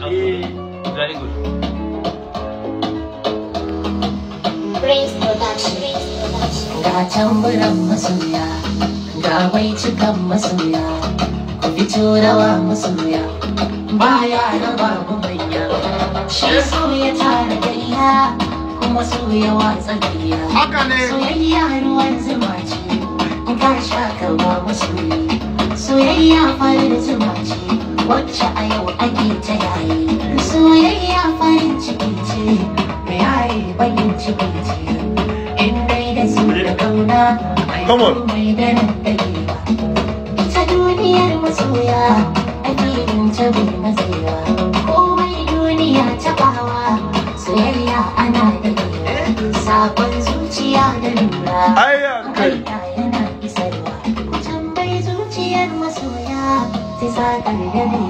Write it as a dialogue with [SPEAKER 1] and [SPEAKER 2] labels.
[SPEAKER 1] Very good. Prince
[SPEAKER 2] Ga tamburan masoya, ga wai cikan masoya, ku fito rawa masoya, baya na babu manya. Shi soya tare gayya, kuma soya watsa gayya. Soyayya ruwan zuma ce, ga
[SPEAKER 1] shaka ba masoyi, soyayya farin wacce a yau ake ta yayi
[SPEAKER 2] soyayya farin ciki ce da yayi bakin
[SPEAKER 1] ciki ce in dai da su da kauna ai mai da nan da ba ita duniyar masoya ake yin ta bai matsayawa komai duniya ta bawa soyayya ana da sakon zuciya da lura ayya yana isarwa wajen bai zuciyar masoya sai sa